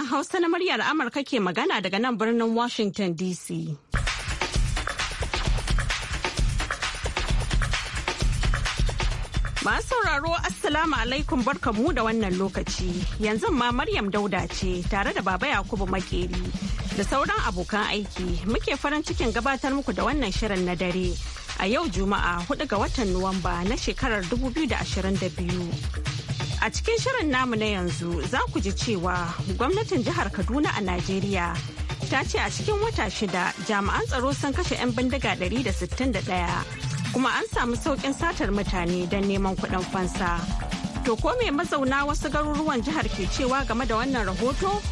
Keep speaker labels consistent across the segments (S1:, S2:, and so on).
S1: sashen Hausa na muryar Amurka ke magana daga nan birnin Washington DC. Masu sauraro Assalamu alaikum barkamu da wannan lokaci. Yanzu ma Maryam Dauda ce tare da Baba Yakubu Makeri da sauran abokan aiki muke farin cikin gabatar muku da wannan shirin na dare. A yau Juma'a 4 ga watan Nuwamba na shekarar 2022. A cikin shirin namu na yanzu za ku ji cewa gwamnatin jihar Kaduna a Najeriya ta ce a cikin wata shida jami'an tsaro sun kashe 'yan bindiga 161 kuma an samu sauƙin satar mutane don neman kuɗin fansa. To ko me mazauna wasu garuruwan jihar ke cewa game da wannan rahoto?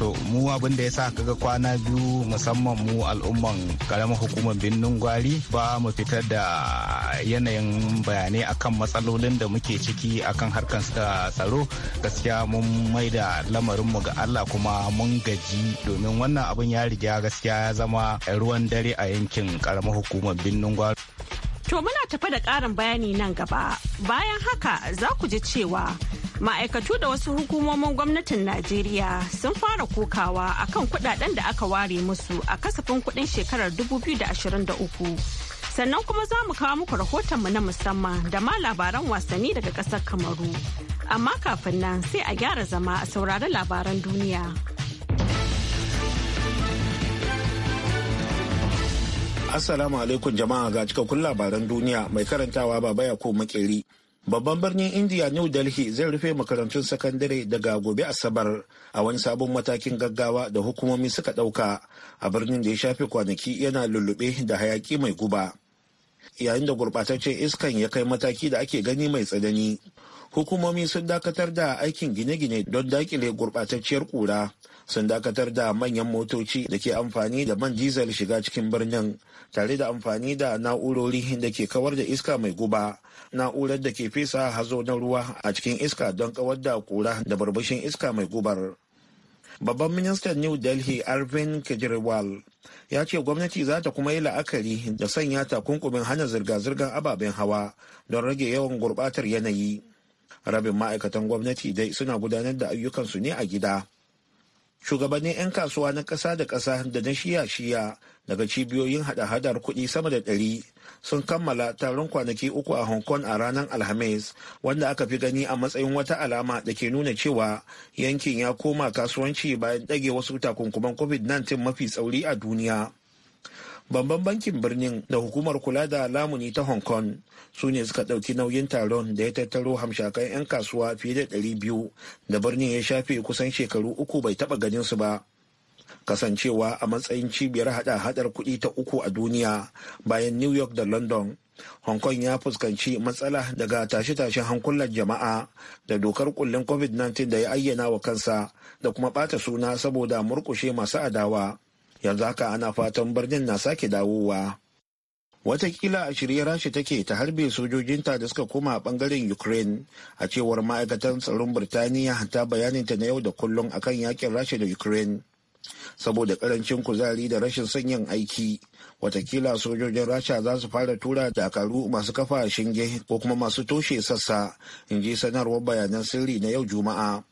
S2: to mu abin da ya sa kaga kwana biyu musamman mu al'umman karamar hukumar birnin gwari ba mu fitar da yanayin bayanai akan matsalolin da muke ciki akan harkar ah, tsaro gaskiya mun mai da lamarinmu ga Allah kuma mun gaji domin wannan abin ya riga gaskiya ya zama ruwan dare a yankin karamar hukumar birnin gwari.
S1: To muna tafi da ƙarin bayani nan gaba. Bayan haka za ku ji cewa ma'aikatu da wasu hukumomin gwamnatin najeriya sun fara kokawa akan kudaden da aka ware musu a kasafin kudin shekarar 2023 sannan kuma za mu kawo muku rahotonmu na musamman da ma labaran wasanni daga kasar kamaru amma kafin nan sai a gyara zama a saurari labaran duniya
S3: assalamu alaikum jama'a ga cikakkun labaran duniya mai karantawa baba ya ko makeri Babban birnin India New Delhi zai rufe makarantun sakandare daga gobe Asabar a wani sabon matakin gaggawa da hukumomi suka ɗauka a birnin da ya shafe kwanaki yana lullube da hayaki mai guba. Yayin da gurɓataccen iskan ya kai mataki da ake gani mai tsanani, hukumomi sun dakatar da aikin gine-gine don dakile gurɓatacciyar ƙura sun dakatar da manyan motoci da ke amfani da man diesel shiga cikin birnin tare da amfani da na'urori da ke kawar da iska mai guba na'urar da ke fesa hazo na ruwa a cikin iska don kawar da kura da barbashin iska mai gubar babban ministan new delhi arvin kejriwal ya ce gwamnati za ta kuma yi la'akari da sanya takunkumin hana zirga-zirgar ababen hawa don rage yawan gurbatar yanayi rabin ma'aikatan gwamnati dai suna gudanar da ayyukansu ne a gida shugabannin 'yan kasuwa na ƙasa da ƙasa da na shiya-shiya daga cibiyoyin hada-hadar kuɗi sama da ɗari sun kammala taron kwanaki uku a hong kong a ranar alhamis wanda aka fi gani a matsayin wata alama da ke nuna cewa yankin ya koma kasuwanci bayan ɗage wasu takunkuman covid-19 mafi tsauri a duniya babban bankin birnin da hukumar kula da lamuni ta hong kong su ne suka ɗauki nauyin taron da ya tattaro hamshakan 'yan kasuwa fiye da biyu da birnin ya shafe kusan shekaru uku bai taɓa ganin su ba kasancewa a matsayin cibiyar hada hadar kuɗi ta uku a duniya bayan new york da london hong kong ya fuskanci matsala daga tashe-tashen hankulan jama'a da dokar kullin covid-19 da ya ayyana wa kansa da kuma ɓata suna saboda murkushe masu adawa yanzu haka ana fatan birnin na sake dawowa watakila a shirye rashi take ta harbe sojojinta da suka koma a bangaren ukraine a cewar ma'aikatan tsaron birtaniya ta bayaninta na yau da kullum akan yakin rasha da ukraine saboda karancin kuzari da rashin sanyin aiki watakila sojojin rasha za su fara tura dakaru masu kafa shinge ko kuma masu toshe sassa in ji sanarwar bayanan sirri na yau juma'a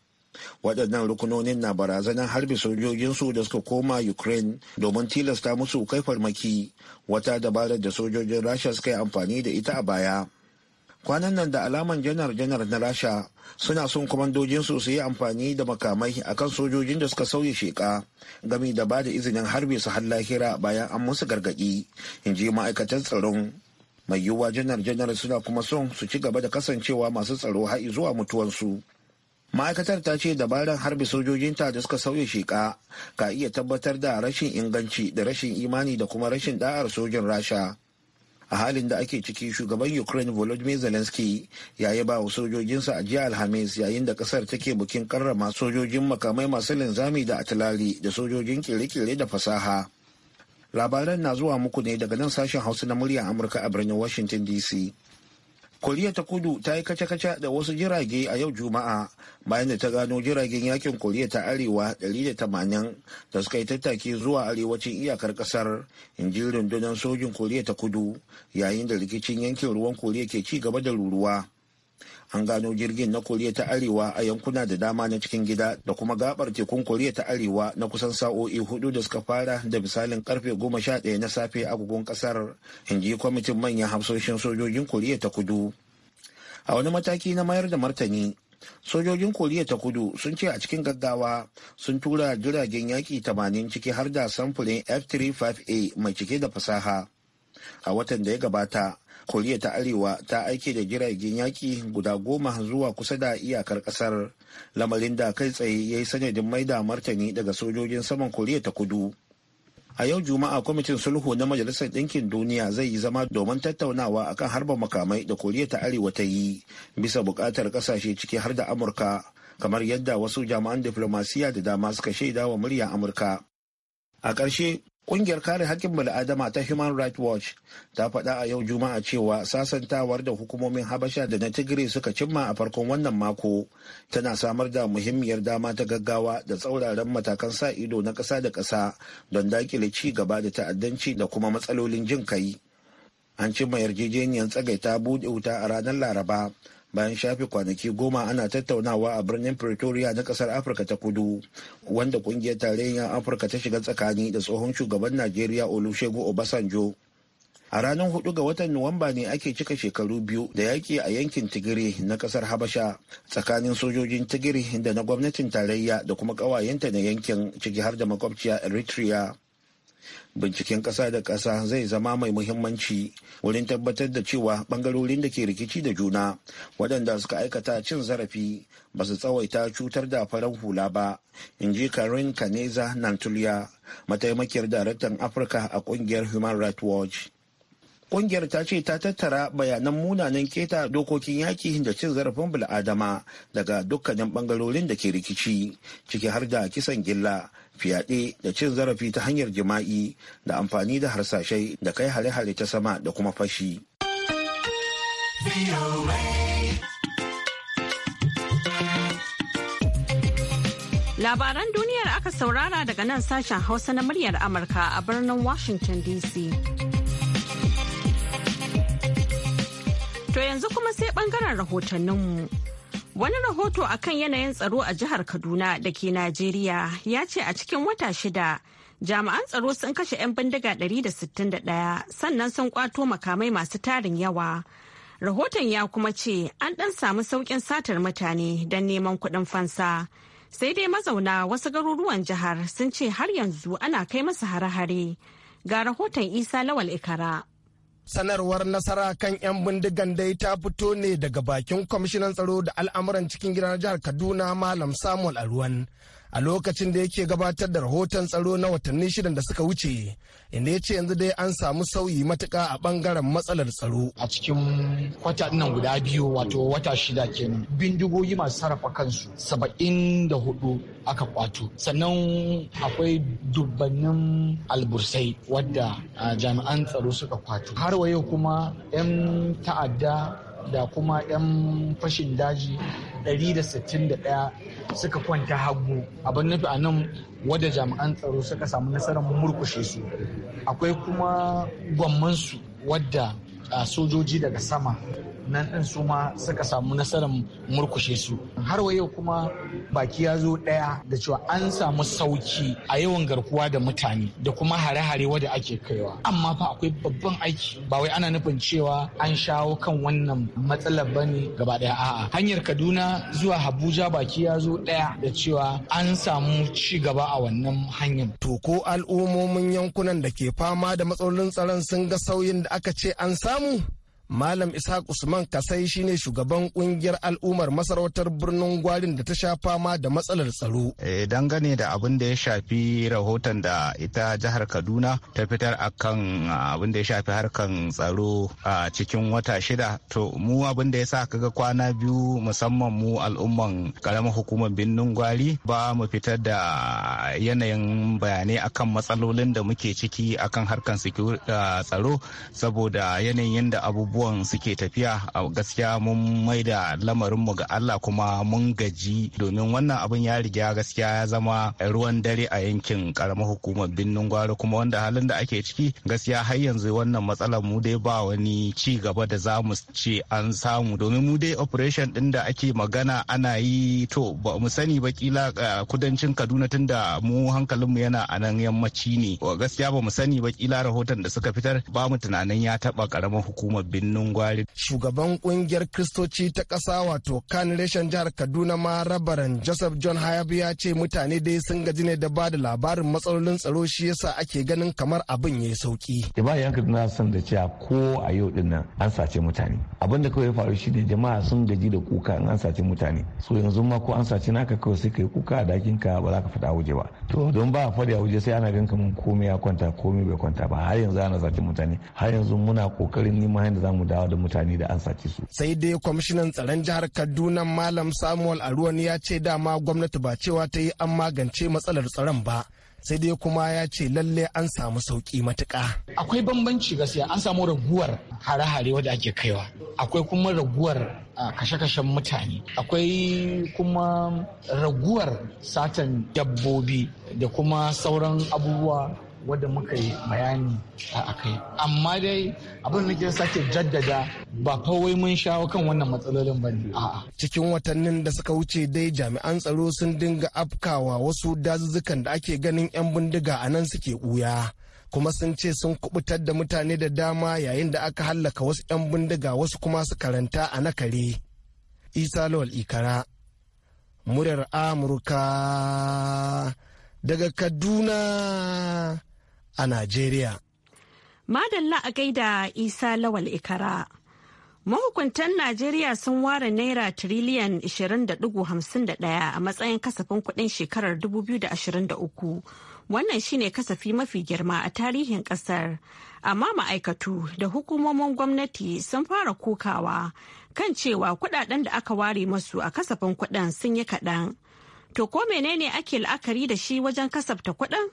S3: waɗannan rukunonin na barazanar harbi sojojinsu da suka koma ukraine domin tilasta musu kai farmaki wata dabarar da sojojin rasha suka yi amfani da ita a baya kwanan nan da alaman janar janar na rasha suna son kwamandojinsu su yi amfani da makamai a kan sojojin da suka sauya sheka gami da ba da izinin harbi su har lahira bayan an musu gargaɗi in ji ma'aikatan tsaron mai yiwuwa janar janar suna kuma son su ci gaba da kasancewa masu tsaro har zuwa mutuwansu. ma'aikatar ta ce dabarar harbe sojojinta da suka sauya shiƙa ka iya tabbatar da rashin inganci da rashin imani da kuma rashin da'ar sojin rasha a halin da ake ciki shugaban ukraine volodymyr zelensky ya yi ba wa sojojinsa a jiya alhamis yayin da kasar take bukin karrama sojojin makamai masu linzami da atilali da sojojin kere-kere da fasaha labaran na zuwa muku ne daga nan sashen hausa na murya amurka a birnin washington dc koriya ta kudu ta yi kaca-kaca da wasu jirage a yau juma'a bayan da ta gano jiragen yakin koriya ta arewa 180 da suka yi tattaki zuwa arewacin iyakar kasar inji rundunar sojin koriya ta kudu yayin da rikicin yankin ruwan koriya ke ci gaba da ruruwa an gano jirgin na koriya ta arewa a yankuna da dama na cikin gida da kuma gabar tekun koriya ta arewa na kusan sa'o'i hudu da suka fara da misalin karfe goma sha ɗaya na safe agogon kasar inji kwamitin manyan hafsoshin sojojin koriya ta kudu a wani mataki na mayar da martani sojojin koriya ta kudu sun ce a cikin gaggawa sun tura jiragen yaƙi tamanin ciki har da samfurin f-35a mai cike da fasaha a watan da ya gabata koriya ta arewa ta aike da jiragen yaki guda goma zuwa kusa da iyakar kasar lamarin da kai tsaye ya yi sanadin maida martani daga sojojin saman koriya ta kudu a yau juma'a kwamitin sulhu na majalisar ɗinkin duniya zai yi zama domin tattaunawa akan harba makamai da koriya ta arewa ta yi bisa buƙatar ƙasashe ciki har da amurka kamar yadda wasu jami'an diflomasiya da dama suka shaida wa murya amurka a ƙarshe Ƙungiyar kare haƙƙin bil'adama ta Human Rights Watch ta faɗa a yau Juma'a cewa sasantawar da hukumomin Habasha da na Tigray suka cimma a farkon wannan mako tana samar da muhimmiyar dama ta gaggawa da tsauraran matakan sa ido na ƙasa da ƙasa don daƙile ci gaba da ta'addanci da kuma matsalolin jin kai. An cimma yarjejeniyar tsagaita buɗe wuta a ranar Laraba bayan shafe kwanaki goma ana tattaunawa a birnin pretoria na kasar afirka ta kudu wanda kungiyar tarayyar afirka ta shiga tsakani da tsohon shugaban najeriya olusegun obasanjo a ranar hudu ga watan nuwamba ne ake cika shekaru biyu da yaƙi a yankin tigiri na kasar habasha tsakanin sojojin tigiri da na gwamnatin tarayya da kuma ƙawayenta na yankin ciki har da makwabciya eritrea binciken ƙasa da ƙasa zai zama mai muhimmanci wurin tabbatar da cewa ɓangarorin da ke rikici da juna waɗanda suka aikata cin zarafi ba su tsawaita cutar da farar hula ba in ji karin kaneza nantuliya mataimakiyar daraktan afirka a ƙungiyar human rights watch Ƙungiyar ta ce ta tattara bayanan munanan keta dokokin yaƙi da cin zarafin bil'adama daga dukkanin ɓangarorin da ke rikici, ciki har da kisan gilla fyaɗe da cin zarafi ta hanyar jima'i da amfani da harsashai da kai hale-hale ta sama da kuma fashi.
S1: Labaran duniyar aka saurara daga nan sashen Hausa na muryar Amurka a birnin Washington DC. To yanzu kuma sai bangaren rahotanninmu. Wani rahoto a kan yanayin tsaro a jihar Kaduna da ke Najeriya ya ce a cikin wata shida jami'an tsaro sun kashe 'yan bindiga 161 sannan sun kwato makamai masu tarin yawa. Rahoton ya kuma ce an ɗan samu sauƙin satar mutane don neman kuɗin fansa. Sai dai mazauna wasu garuruwan jihar sun ce har yanzu ana kai masu hare-hare. Ga rahoton Isa Lawal Ikara.
S4: sanarwar nasara kan 'yan bindigan dai ta fito ne daga bakin kwamishinan tsaro da al'amuran cikin gidan jihar kaduna malam samuel aruwan a lokacin da yake gabatar da rahoton tsaro na watanni shidan da suka wuce inda ya ce yanzu dai an samu sauyi matuka a bangaren matsalar tsaro a cikin
S5: kwata nan guda biyu wato wata shida kenan bindigogi masu sarrafa kansu saba'in da hudu aka kwato sannan akwai dubbannin albursai wadda jami'an tsaro suka kwato har wa kuma 'yan ta'adda da kuma 'yan fashin daji 161 suka kwanta hagu abin nufi a nan wadda jami'an tsaro suka samu nasarar murkushe su akwai kuma gwammansu wadda sojoji daga sama nan ɗin su ma suka samu nasarar murkushe su har wa yau kuma baki ya zo ɗaya da cewa an samu sauki a yawan garkuwa da mutane da kuma hare-hare wadda ake kaiwa amma fa akwai babban aiki ba wai ana nufin cewa an shawo kan wannan matsalar bane gaba ɗaya a'a hanyar kaduna zuwa abuja baki ya zo ɗaya da cewa an samu ci gaba a wannan hanyar to ko al'ummomin
S4: yankunan da ke fama da matsalolin tsaron sun ga sauyin da aka ce an samu Malam Ishaq Usman Kasai shine shugaban kungiyar al'ummar masarautar birnin gwarin da ta sha fama da matsalar tsaro.
S2: Eh, dangane da abin da ya shafi rahoton da ita jihar Kaduna ta fitar akan ah, abin da ya shafi harkan tsaro a ah, cikin wata shida. To mu abin da ya sa kaga kwana biyu musamman mu al'umman karamar hukumar birnin gwari ba mu fitar da yanayin bayanai akan matsalolin da muke ciki akan harkan ah, tsaro saboda yanayin da abubuwa abubuwan suke tafiya a gaskiya mun mai da lamarinmu ga Allah kuma mun gaji domin wannan abin ya riga gaskiya ya zama ruwan dare a yankin karamar hukumar birnin gwari kuma wanda halin da ake ciki gaskiya har yanzu wannan matsalar mu dai ba wani ci gaba da za mu ce an samu domin mu dai operation din da ake magana ana yi to ba mu sani ba kila kudancin kaduna tunda mu hankalinmu yana a nan yammaci ne gaskiya ba mu sani ba kila rahoton da suka fitar ba mu tunanin ya taba karamar hukumar birnin hannun
S4: Shugaban kungiyar Kristoci ta kasa wato kan reshen jihar Kaduna ma rabaran Joseph John Hayabu ya ce mutane dai sun gaji ne da ba da labarin matsalolin tsaro shi yasa ake ganin kamar
S2: abin ya yi sauki. Jama'a yankin na san da cewa ko a yau din nan an sace mutane. Abin da kawai ya faru ne jama'a sun gaji da kuka in an sace mutane. So yanzu ma ko an sace naka kawai sai ka yi kuka a dakin ka ba za ka faɗa waje ba. To don ba a faɗi a waje sai ana ganin kamar komai ya kwanta
S4: komai bai kwanta ba har yanzu ana sace mutane har yanzu muna kokarin neman da za mu mu dawo da mutane da an sace su. Sai dai kwamishinan tsaron jihar Kaduna Malam Samuel Aruwan ya ce dama gwamnati ba cewa ta yi an magance matsalar tsaron ba. sai dai kuma ya ce lalle an samu
S5: sauki matuka. Akwai bambanci gaskiya an samu raguwar hare-hare wadda ake kaiwa. Akwai kuma raguwar kashe-kashen mutane. Akwai kuma raguwar satan dabbobi da kuma sauran abubuwa wadda muka yi bayani a akai amma dai abin da ke sake jaddada ba kawai mun shawo kan wannan matsalolin ba ne cikin watannin da suka wuce dai jami'an tsaro
S4: sun dinga afkawa wasu dazuzzukan da ake ganin 'yan bindiga a nan suke ɓuya kuma sun ce sun kubutar da mutane da dama yayin da aka hallaka wasu 'yan bindiga wasu kuma su karanta a nakare. Isa Lawal Ikara, murar Amurka daga Kaduna a Najeriya.
S1: Madalla a gaida Isa Lawal Ikara. Mahukuntan Najeriya sun ware Naira tiriliyan 20.51 a matsayin kasafin kudin shekarar 2023. Wannan shine kasafi mafi girma a tarihin kasar Amma ma'aikatu da hukumomin gwamnati sun fara kokawa kan cewa kudaden da aka ware masu a kasafin kudin sun yi kaɗan. To ko menene ake la'akari da shi wajen kasafta kuɗin?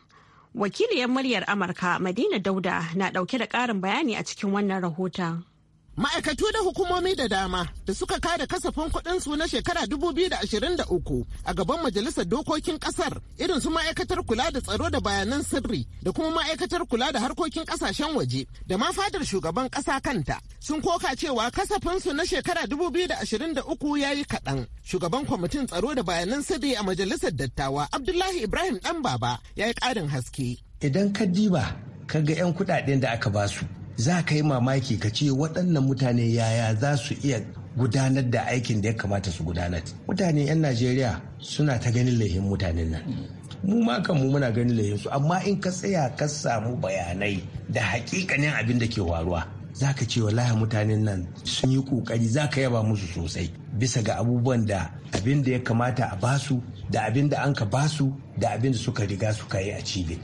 S1: Wakiliyar muryar Amurka Madina Dauda na ɗauke da ƙarin bayani a cikin wannan rahoton.
S6: ma'aikatu da hukumomi da dama da suka kada kasafin kuɗinsu na shekara 2023 a gaban majalisar dokokin ƙasar irin su ma'aikatar kula da tsaro da bayanan sirri da kuma ma'aikatar kula da harkokin ƙasashen waje da ma fadar shugaban ƙasa kanta sun koka cewa kasafinsu na shekara 2023 ya yi kaɗan shugaban kwamitin tsaro da bayanan sirri a majalisar dattawa abdullahi ibrahim ɗan baba ya yi ƙarin haske idan ka diba ka ga 'yan kuɗaɗen da aka basu za ka yi mamaki ka ce waɗannan mutane yaya
S7: za su iya gudanar da aikin da ya kamata su gudanar mutane 'yan najeriya suna ta ganin laihin mutanen nan mu ma mu muna ganin laihin su amma in ka tsaya ka samu bayanai da hakikanin abin da ke waruwa za ka ce wallahi mutanen nan sun yi kokari za ka yaba musu sosai bisa ga abubuwan da abin da ya kamata a basu da abin da an ka basu da abin da suka riga suka yi a cibe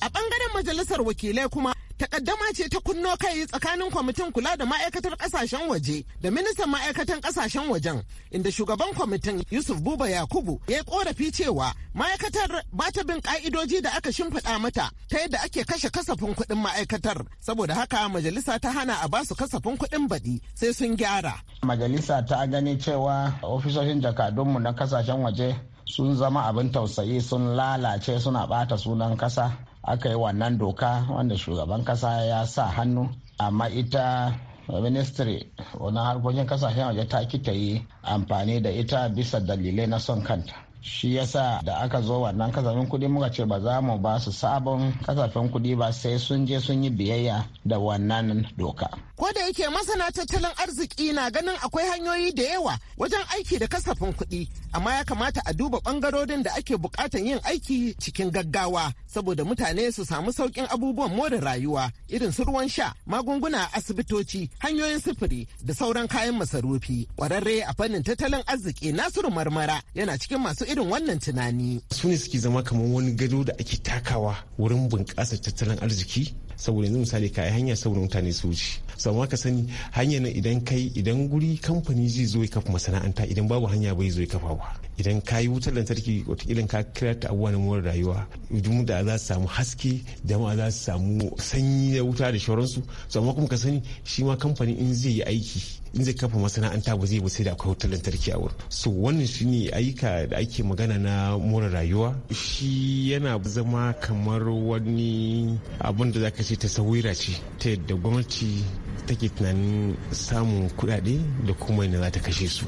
S6: a bangaren majalisar wakilai kuma takaddama ce ta kunno kai tsakanin kwamitin kula da ma'aikatar kasashen waje da ministan ma'aikatan kasashen wajen inda shugaban kwamitin yusuf buba yakubu ya yi korafi cewa ma'aikatar ba ta bin ka'idoji da aka shimfiɗa mata ta yadda ake kashe kasafin kuɗin ma'aikatar saboda haka majalisa ta hana a basu kasafin kuɗin baɗi sai sun gyara majalisa ta gani cewa ofisoshin jakadunmu na kasashen waje sun zama abin tausayi sun lalace suna ɓata sunan kasa aka yi wannan doka wanda shugaban kasa ya sa hannu amma ita ministry wani harkokin kasashen waje ta kita yi amfani da ita bisa dalilai na son kanta shi yasa da aka zo wannan kasafin kudi muka ce ba za mu ba su sabon kasafin kudi ba sai sun je sun yi biyayya da wannan doka. Ko da yake masana tattalin arziki na ganin akwai hanyoyi da yawa wajen aiki da kasafin kudi amma ya kamata a duba bangarorin da ake bukatan yin aiki cikin gaggawa saboda mutane su samu sauƙin abubuwan more rayuwa irin su ruwan sha magunguna a asibitoci hanyoyin sufuri da sauran kayan masarufi ƙwararre a fannin tattalin arziki nasiru marmara yana cikin masu irin
S7: wannan tunani su ne suke zama kamar wani gado da ake takawa wurin bunƙasa tattalin arziki saboda yanzu misali ka yi hanya saboda mutane su wuce sau ka sani hanya nan idan kai idan guri kamfani zai zo ya kafa masana'anta idan babu hanya bai zo ya kafa ba idan ka yi wutar lantarki watakilan ka kira ta abubuwa na more rayuwa idan da za su samu haske jama'a za su samu sanyi na wuta da shauransu sau ma kuma ka sani shi ma kamfani in zai yi aiki in zai kafa masana'anta ba zai ba sai da akwai wutar lantarki a wurin so wannan shi ne ayyuka da ake magana na more rayuwa shi yana zama kamar wani abin da zaka ce sawira ce ta yadda gwamnati take tunanin samun kuɗaɗe da kuma yana za ta kashe su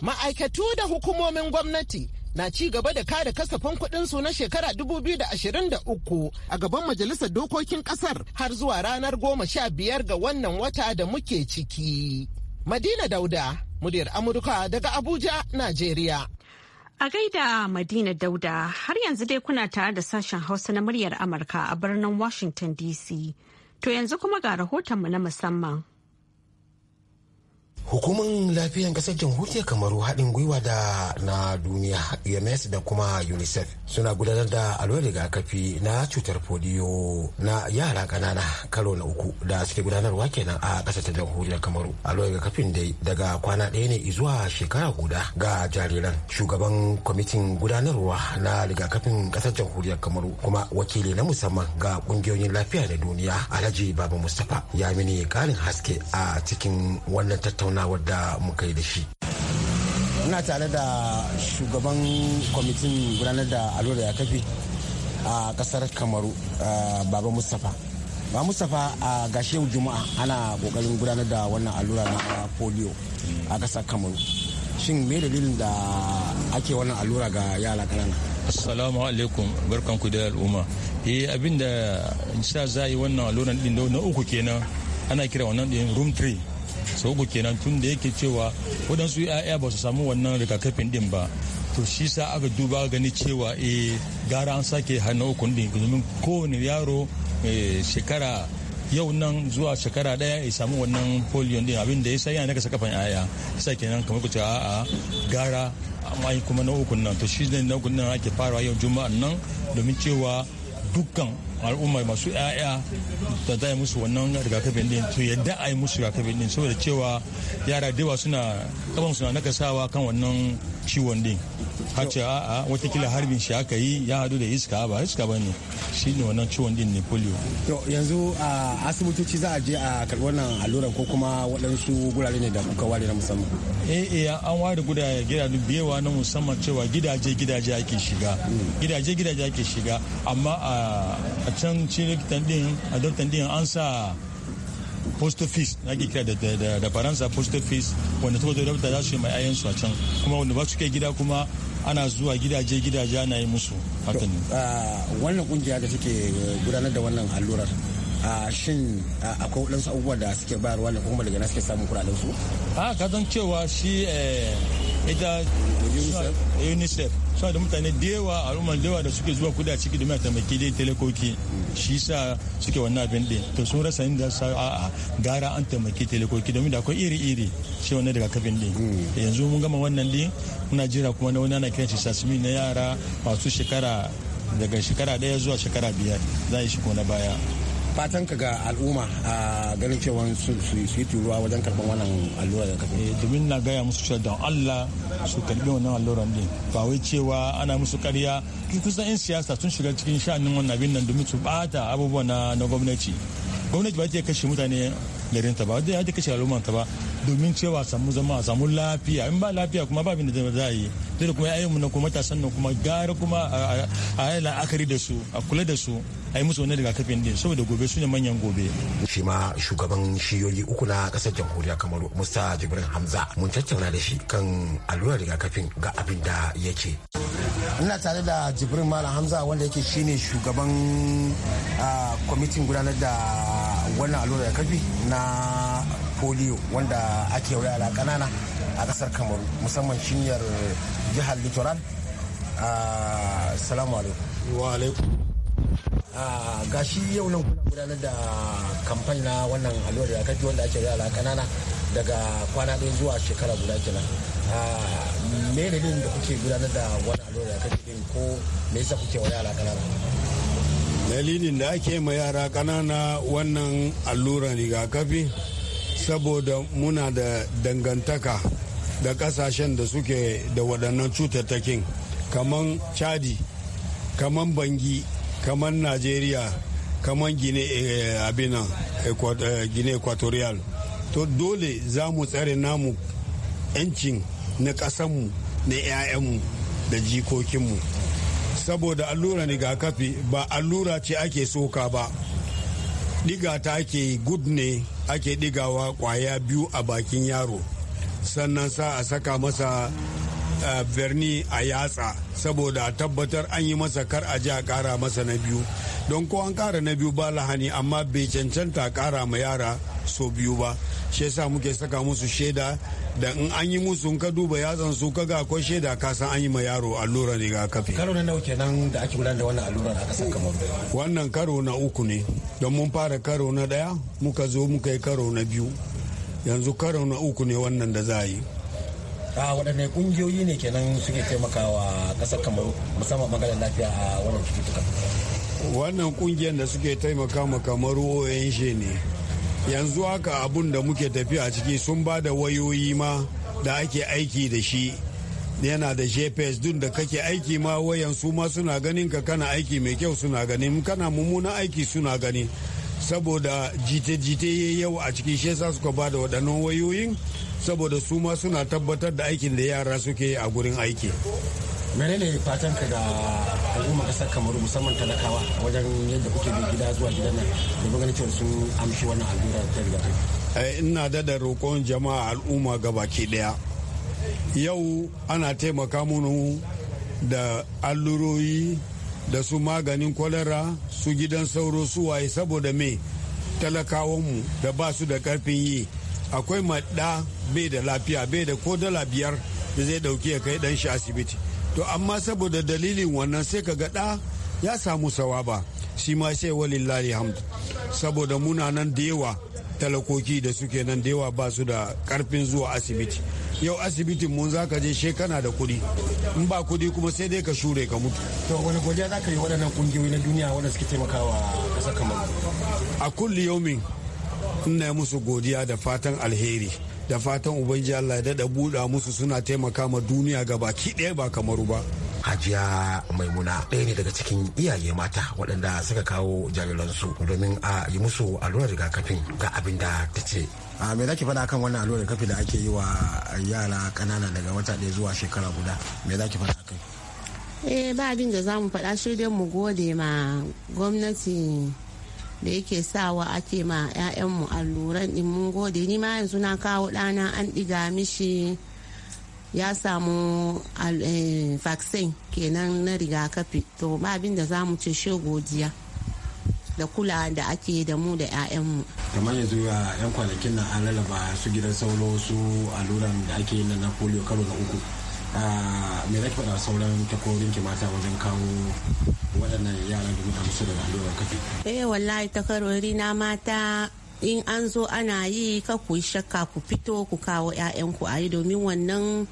S6: ma'aikatu da hukumomin gwamnati na ci gaba da kare kasafin su na shekara 2023 a gaban majalisar dokokin ƙasar har zuwa ranar 15 ga wannan wata da muke ciki. Madina Dauda, muryar Amurka daga Abuja, Najeriya.
S1: A gaida Madina Dauda har yanzu dai kuna tare da sashen Hausa na muryar Amurka a birnin Washington DC. To yanzu kuma ga rahotonmu na musamman.
S7: Hukumar lafiyan kasar jamhuriyar Kamaru haɗin gwiwa da na duniya ems da kuma UNICEF suna gudanar da alwar rigakafi na cutar foliyo na yara ƙanana karo na uku da suke gudanarwa kenan a ƙasar ta jamhuriyar Kamaru. Alwar rigakafin dai daga kwana ɗaya ne zuwa shekara guda ga jariran. Shugaban kwamitin gudanarwa na rigakafin ƙasar jamhuriyar Kamaru kuma wakili na musamman ga ƙungiyoyin lafiya na duniya Alhaji Baba Mustapha ya mini ƙarin haske a cikin wannan tattaunawa tattaunawar da muka yi da shi muna tare da shugaban kwamitin gudanar da da ya rigakafi a kasar kamaru baba mustapha ba mustapha a gashe juma'a ana kokarin gudanar da wannan allura na polio a kasar kamaru shin me dalilin da ake wannan allura ga yara
S8: kanana assalamu alaikum barkan ku da al'umma eh abinda sa za yi wannan alluran din na uku kenan ana kira wannan din room 3 sau kenan tun da yake cewa waɗansu 'ya'ya ba su samu wannan rigakafin din ba to shi sa aka duba gani cewa e gara an sake hannu uku din domin kowane yaro eh, shekara yau nan zuwa shekara daya ya samu wannan polio din abin da ya sai yana daga sakafan yaya sai kenan kamar ku cewa a'a gara amma kuma na uku nan to shi ne na uku nan ake farawa yau juma'an nan domin cewa dukkan al'umma masu 'ya'ya da za musu wannan rigakafin din to yadda a yi musu rigakafin din saboda cewa yara da yawa suna kaban suna nakasawa kan wannan ciwon din har ce a watakila harbin shi aka yi ya hadu da iska ba iska ba ne shi ne wannan ciwon din ne polio
S7: to yanzu a asibitoci za a je a karɓi wannan alluran ko kuma waɗansu gurare ne da kuka ware na musamman
S8: eh eh an ware gurare gidaje biyewa na musamman cewa gidaje gidaje ake shiga mm. gidaje gidaje ake shiga amma a can cikin likitan din a doktan din an sa post office na ke kira da faransa post office wanda tukwato zo da za su yi mai ayyansu a can kuma wanda ba su kai gida kuma ana zuwa gidaje-gidaje ana yi musu hakan
S7: ah, wannan kungiya da take eh, gudanar da wannan allurar a ah, shin ah, akwai waɗansu abubuwa da suke bayarwa ne kuma daga na suke samun kuɗaɗen su
S8: a ka cewa shi eh, ita unicef suna da mutane da yawa al'umman da yawa da suke zuwa kuda ciki domin a taimaki dai telekoki shi sa suke wannan abin din to sun rasa inda sa a gara an taimaki telekoki domin da akwai iri-iri shi wannan daga kafin din hmm. yanzu mun gama wannan din muna jira kuma na wani ana kiran shi sasmi na yara masu shekara daga shekara daya zuwa shekara biyar za a yi shi ko na baya
S7: fatan ka ga al'umma a ganin cewa su yi turuwa wajen karban wannan allura da
S8: kafin eh, domin na gaya musu cewa don allah su karbi wannan alluran din ba wai cewa ana musu karya kusan 'yan siyasa sun shiga cikin sha'anin wannan abin nan domin su bata abubuwa na gwamnati gwamnati ba ta kashe mutane ta ba wadda ya ta al'umma ta ba domin cewa samu zama a samu lafiya in ba lafiya kuma ba da za a yi duk kuma ya'yanmu na kuma matasan nan kuma gara kuma a yi la'akari da su a kula da su a yi musu wani daga kafin din saboda gobe su ne manyan gobe. shi ma shugaban shiyoyi uku na kasar jamhuriyar kamaru musta
S7: jibrin hamza mun tattauna da shi kan allurar rigakafin ga abin da yake. ina tare da jibrin malam hamza wanda yake shine shugaban ah, kwamitin gudanar da wannan allura da kafi na polio wanda ake wa da kanana a kasar kamaru musamman shinyar jihar littoral ah, salamu alaikum wa alaikum ah, gashi yau nan kuna gudanar da kamfan na wannan allura da kafi wanda ake wa da kanana daga kwana
S9: ɗaya zuwa shekara guda kenan ah, me ne da kuke gudanar da wannan allura da kafi ko me yasa kuke wuya da kanana dalilin da ake ma yara ƙanana wannan alluran rigakafi saboda muna da dangantaka da kasashen da suke da waɗannan cutattakin kaman chadi kaman bangi kaman nigeria kaman gine eh, abinan eh, gine equatorial to dole za mu tsare namu 'yancin na ƙasanmu na 'ya'yanmu da jikokinmu saboda allura kafi ba allura ce ake soka ba diga ta ake gud ne ake digawa kwaya biyu a bakin yaro sannan sa a saka masa verni a yatsa saboda tabbatar an yi masa kar a ji a kara masa na biyu don ko an kara na biyu ba lahani amma bai cancanta kara ma yara so biyu ba shi yasa muke saka musu shaida da in an yi musu ka duba yatsan su kaga akwai shaida ka san an yi ma yaro ga kafi. karo na nauke kenan da ake gudanar da wannan allurar a kasar kamar wannan karo na uku ne don mun fara karo na daya muka zo muka yi karo na biyu yanzu karo na uku ne wannan da za a yi
S7: a waɗanne ƙungiyoyi ne kenan suke taimakawa ƙasar kamar musamman maganin lafiya a wannan cututtuka
S9: wannan kungiyar da suke taimaka ma kamar shi ne yanzu haka abun da muke tafiya a ciki sun ba da wayoyi ma da ake aiki da shi yana da gps duk da kake aiki ma wayan su ma suna ganin ka kana aiki mai kyau suna gani kana mummunan aiki suna gani saboda jite-jite yau a cikin shi yasa suka ba da waɗannan wayoyin saboda su ma suna tabbatar da aikin da yara suke a gurin aiki menene fatan
S7: ka ga al'umma kasar kamaru musamman talakawa wajen yadda kuke bin gida zuwa gidan nan
S9: mun ganin cewa sun amshi wannan allura ta rigakafi eh, ina da roƙon jama'a al'umma gabaki daya yau ana taimaka mu da alluroyi da su maganin kwalara su gidan sauro su waye saboda me talakawanmu da ba su da karfin yi akwai maɗa bai da lafiya bai da ko dala biyar da zai ɗauki ya kai ɗan shi asibiti to amma saboda dalilin wannan sai ka gaɗa ya samu sawaba shi ma sai walillahi hamd saboda muna nan da yawa talakoki da suke nan da yawa ba su da karfin zuwa asibiti yau asibitin mun za ka je she kana da kuɗi in ba kuɗi kuma sai dai ka shure ka mutu to wani godiya ka yi waɗannan kungiyoyi na duniya wanda suke taimakawa ƙasar kamar a kulli yaumin ina musu godiya da fatan alheri da fatan ubangiji Allah ya dada buɗa musu suna taimaka ma duniya baki ɗaya ba kamaru ba hajiya
S7: maimuna ɗaya ne daga cikin iyaye mata waɗanda suka kawo jariransu domin a yi musu allurar rigakafin ga abin da ta ce a me zaki faɗa kan wannan allurar rigakafi da ake yi wa yara ƙanana daga wata ɗaya zuwa shekara guda me zaki faɗa kai
S1: eh ba abin da za mu faɗa shi dai mu gode ma gwamnati da yake sawa ake ma 'ya'yanmu alluran din mun gode ni ma yanzu na kawo ɗana an ɗiga mishi ya samu eh, vaccine kenan na rigakafi to ba abin da za mu ce she godiya da kula da ake da mu da 'ya'yanmu.
S7: kamar yanzu a 'yan kwanakin nan an lalaba su gidan sauro su alluran da ake yi na polio karo na uku Ah, me zaki faɗa sauran takwarorin ki mata wajen kawo waɗannan yaran da muka su da allurar kafi
S1: eh wallahi takarori na mata in an zo ana yi ka ku shakka ku fito ku kawo 'ya'yanku a yi domin wannan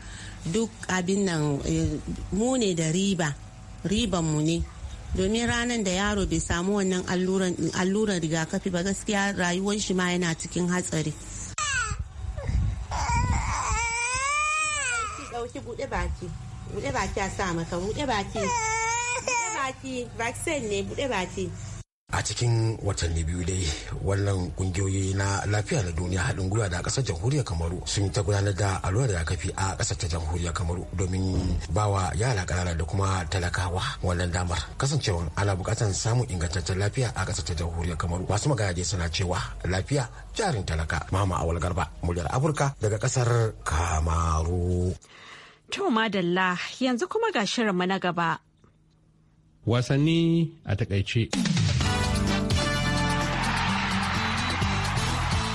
S1: duk abin nan eh, mu ne da riba riban mu ne domin ranar da yaro bai samu wannan alluran rigakafi ba gaskiya rayuwar shi ma yana cikin hatsari ɗauki buɗe baki buɗe baki a sa maka buɗe baki buɗe baki vaccine ne buɗe baki
S7: a cikin watanni biyu dai wannan kungiyoyi na lafiya na duniya haɗin gwiwa da ƙasar jamhuriyar kamaru sun ta gudanar da allurar rigakafi a ƙasar ta jamhuriyar kamaru domin bawa yara ƙanana da kuma talakawa wannan damar kasancewa ana buƙatar samun ingantaccen lafiya a ƙasar ta jamhuriyar kamaru masu magana dai suna cewa lafiya jarin talaka mama awal garba muryar afirka daga ƙasar kamaru
S1: To madalla yanzu kuma ga shirinmu na gaba.
S7: Wasanni a takaice.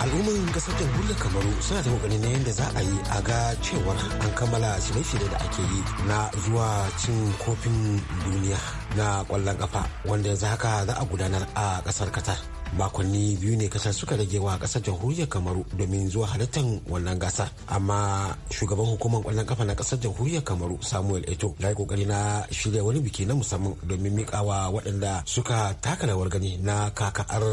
S7: al'ummar kasar jamhuriyar kamaru suna ta kokari na yadda za a yi a ga cewar an kammala shirye-shirye da ake yi na zuwa cin kofin duniya na kwallon kafa wanda yanzu haka za a gudanar a kasar qatar makonni biyu ne kasar suka rage wa kasar jamhuriyar kamaru domin zuwa halittar wannan gasar amma shugaban hukumar kwallon kafa na kasar jamhuriyar kamaru samuel eto ya yi kokari na shirya wani biki na musamman domin mikawa waɗanda suka taka rawar gani na kakar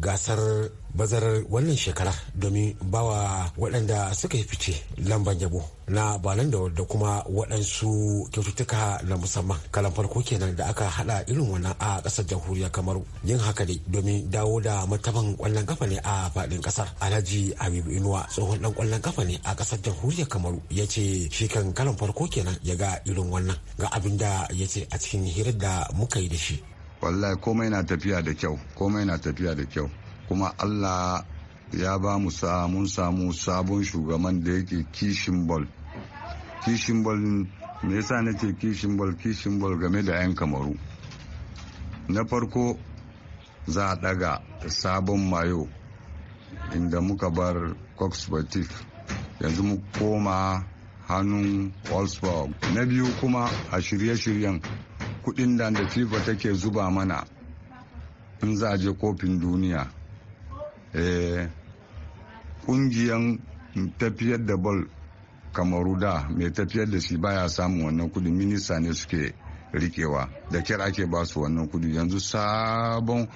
S7: gasar bazarar wannan shekara domin bawa waɗanda suka yi fice lamban yabo na banan da kuma waɗansu kyaututtuka na musamman kalan farko kenan da aka hada irin wannan a ƙasar jamhuriya kamaru yin haka ne domin dawo da martaban ƙwallon kafa ne a faɗin ƙasar alhaji habibu inuwa tsohon ɗan ƙwallon kafa ne a ƙasar jamhuriya kamaru ya ce shi kan kalan farko kenan ya ga irin wannan ga abin da ya ce a cikin hirar da muka yi da shi
S10: wallahi komai na tafiya da kyau komai na tafiya da kyau kuma allah ya ba mu samun samu sabon shugaban da yake kishin bol kishin ball me yasa nake kishin bol kishin bol game da 'yan kamaru na farko za a daga sabon mayo inda muka bar cox yanzu mu koma hannun wolfsburg na biyu kuma a shirye-shiryen kudin da fifa take zuba mana in za a je kofin duniya Eh, kungiyan tafiyar da bol kamaru da mai tafiyar da shi baya samun wannan kudi minista ne suke rikewa da kyar ake ba su wannan kudi yanzu sabon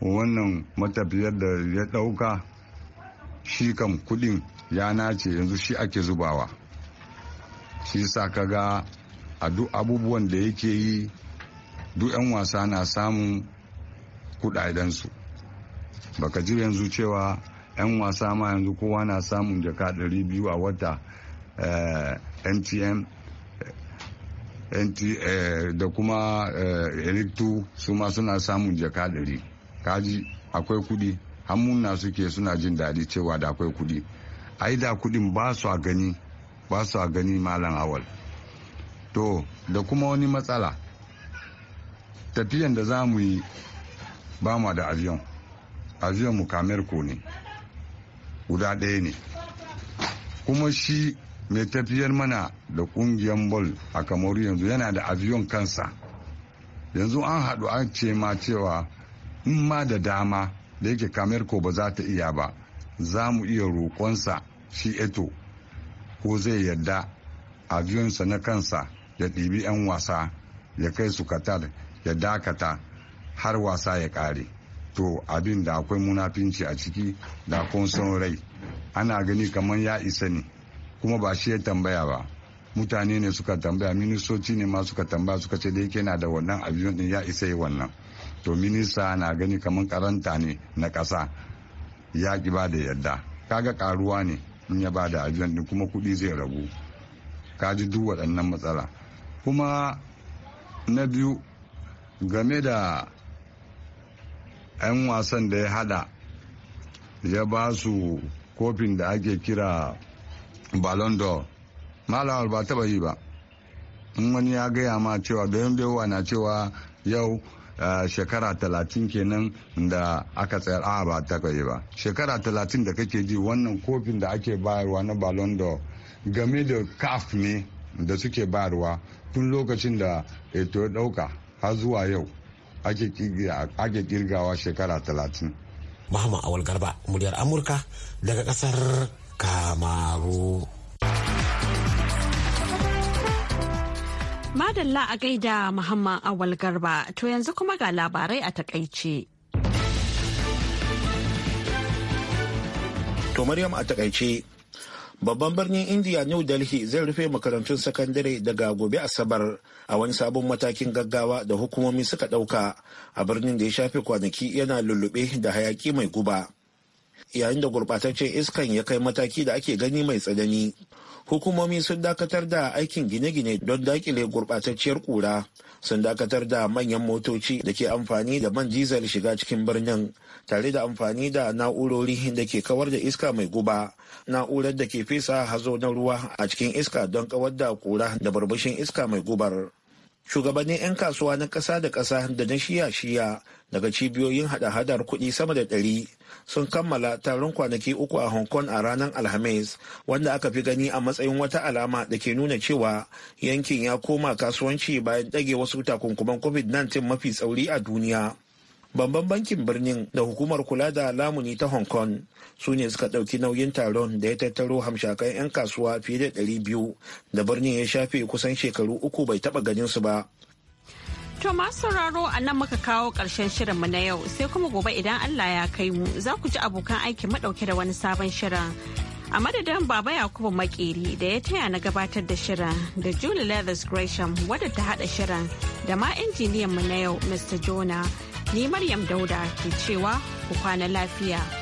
S10: wannan matafiyar da ya dauka shi kam kudin ya nace yanzu shi ake zubawa shi sa kaga a duk abubuwan da yake yi duk 'yan wasa na samun kudadensu baka ji yanzu cewa 'yan wasa ma yanzu kowa na samun jaka 200 a wata mtm eh, eh, eh, da kuma electu su ma suna samun jaka 100 kaji akwai kudi na suke suna jin daɗi cewa da akwai kudi ai da kudin ba su a gani ba su a gani malam awal to da kuma wani matsala tafiyan da za mu yi ba mu da aviyon aviyon mu ko ne guda ɗaya ne kuma shi mai tafiyar mana da ƙungiyar bol a kamaru yanzu yana da aviyon kansa yanzu an haɗu an ce ma cewa in ma da dama da yake ko ba za ta iya ba za mu iya roƙonsa shi eto ko zai yarda aviyonsa na kansa ya ɗibi 'yan wasa ya kai su katar ya dakata har wasa ya ƙare to abin da akwai munafinci a ciki da son rai ana gani kamar ya isa ne kuma ba shi ya tambaya ba mutane ne suka tambaya ministoci ne ma suka tambaya suka ce da yake na da wannan abin din ya isa yi wannan to minista na gani kamar karanta ne na kasa ya ki ba da yadda kaga karuwa ne in ya ba da abin din kuma kuɗi zai ragu kaji duk waɗannan matsala kuma na biyu game da 'yan wasan da ya hada ya ba su kofin da ake kira ballon d'or malawar ba taba yi ba in wani ya gaya ma cewa don na cewa yau eh, shekara talatin kenan da aka tsayar a ba taba yi ba shekara talatin da kake ji wannan kofin da ake bayarwa na ballon d'or game da kaf ne da suke bayarwa tun lokacin da eto ya dauka har zuwa yau ake kirgawa shekara talatin. Muhammad Awal Garba,
S7: muryar Amurka daga kasar Kamaru.
S1: Madalla a gaida Muhammad Awal Garba, to yanzu kuma ga labarai a takaice.
S3: To Maryam a takaice babban birnin india new delhi zai rufe makarantun sakandare daga gobe asabar a wani sabon matakin gaggawa da hukumomi suka ɗauka a birnin da ya shafe kwanaki yana lullube da hayaki mai guba yayin da gurɓataccen iskan ya kai mataki da ake gani mai tsanani hukumomi sun dakatar da aikin gine-gine don dakile gurɓatacciyar kura sun dakatar da manyan motoci da ke amfani da man dizal shiga cikin birnin tare da amfani da na'urori da ke kawar da iska mai guba na'urar da ke fesa hazo na ruwa a cikin iska don kawar da kura da barbashin iska mai gubar shugabannin 'yan kasuwa na ƙasa da ƙasa da na shiya-shiya daga cibiyoyin hada-hadar kuɗi sama da ɗari sun kammala taron kwanaki uku a hong kong a ranar alhamis wanda aka fi gani a matsayin wata alama da ke nuna cewa yankin ya koma kasuwanci bayan ɗage wasu takunkuman covid-19 mafi tsauri a duniya babban bankin birnin da hukumar kula da lamuni ta hong kong su ne suka ɗauki nauyin taron da ya tattaro hamshakan 'yan kasuwa fiye da 200 da birnin ya shafe kusan shekaru uku bai taɓa ganin su ba
S1: To masu sauraro a nan muka kawo ƙarshen shirinmu na yau sai kuma gobe idan Allah ya kai mu za ku ji abokan aiki madauke da wani sabon shirin. A madadin Baba Yakubu Makeri da ya taya na gabatar da shirin da Julie Leathers Gresham wadda ta haɗa shirin da ma injiniyanmu na yau Mr. Jonah. Ni Maryam Dauda ke cewa ku kwana lafiya.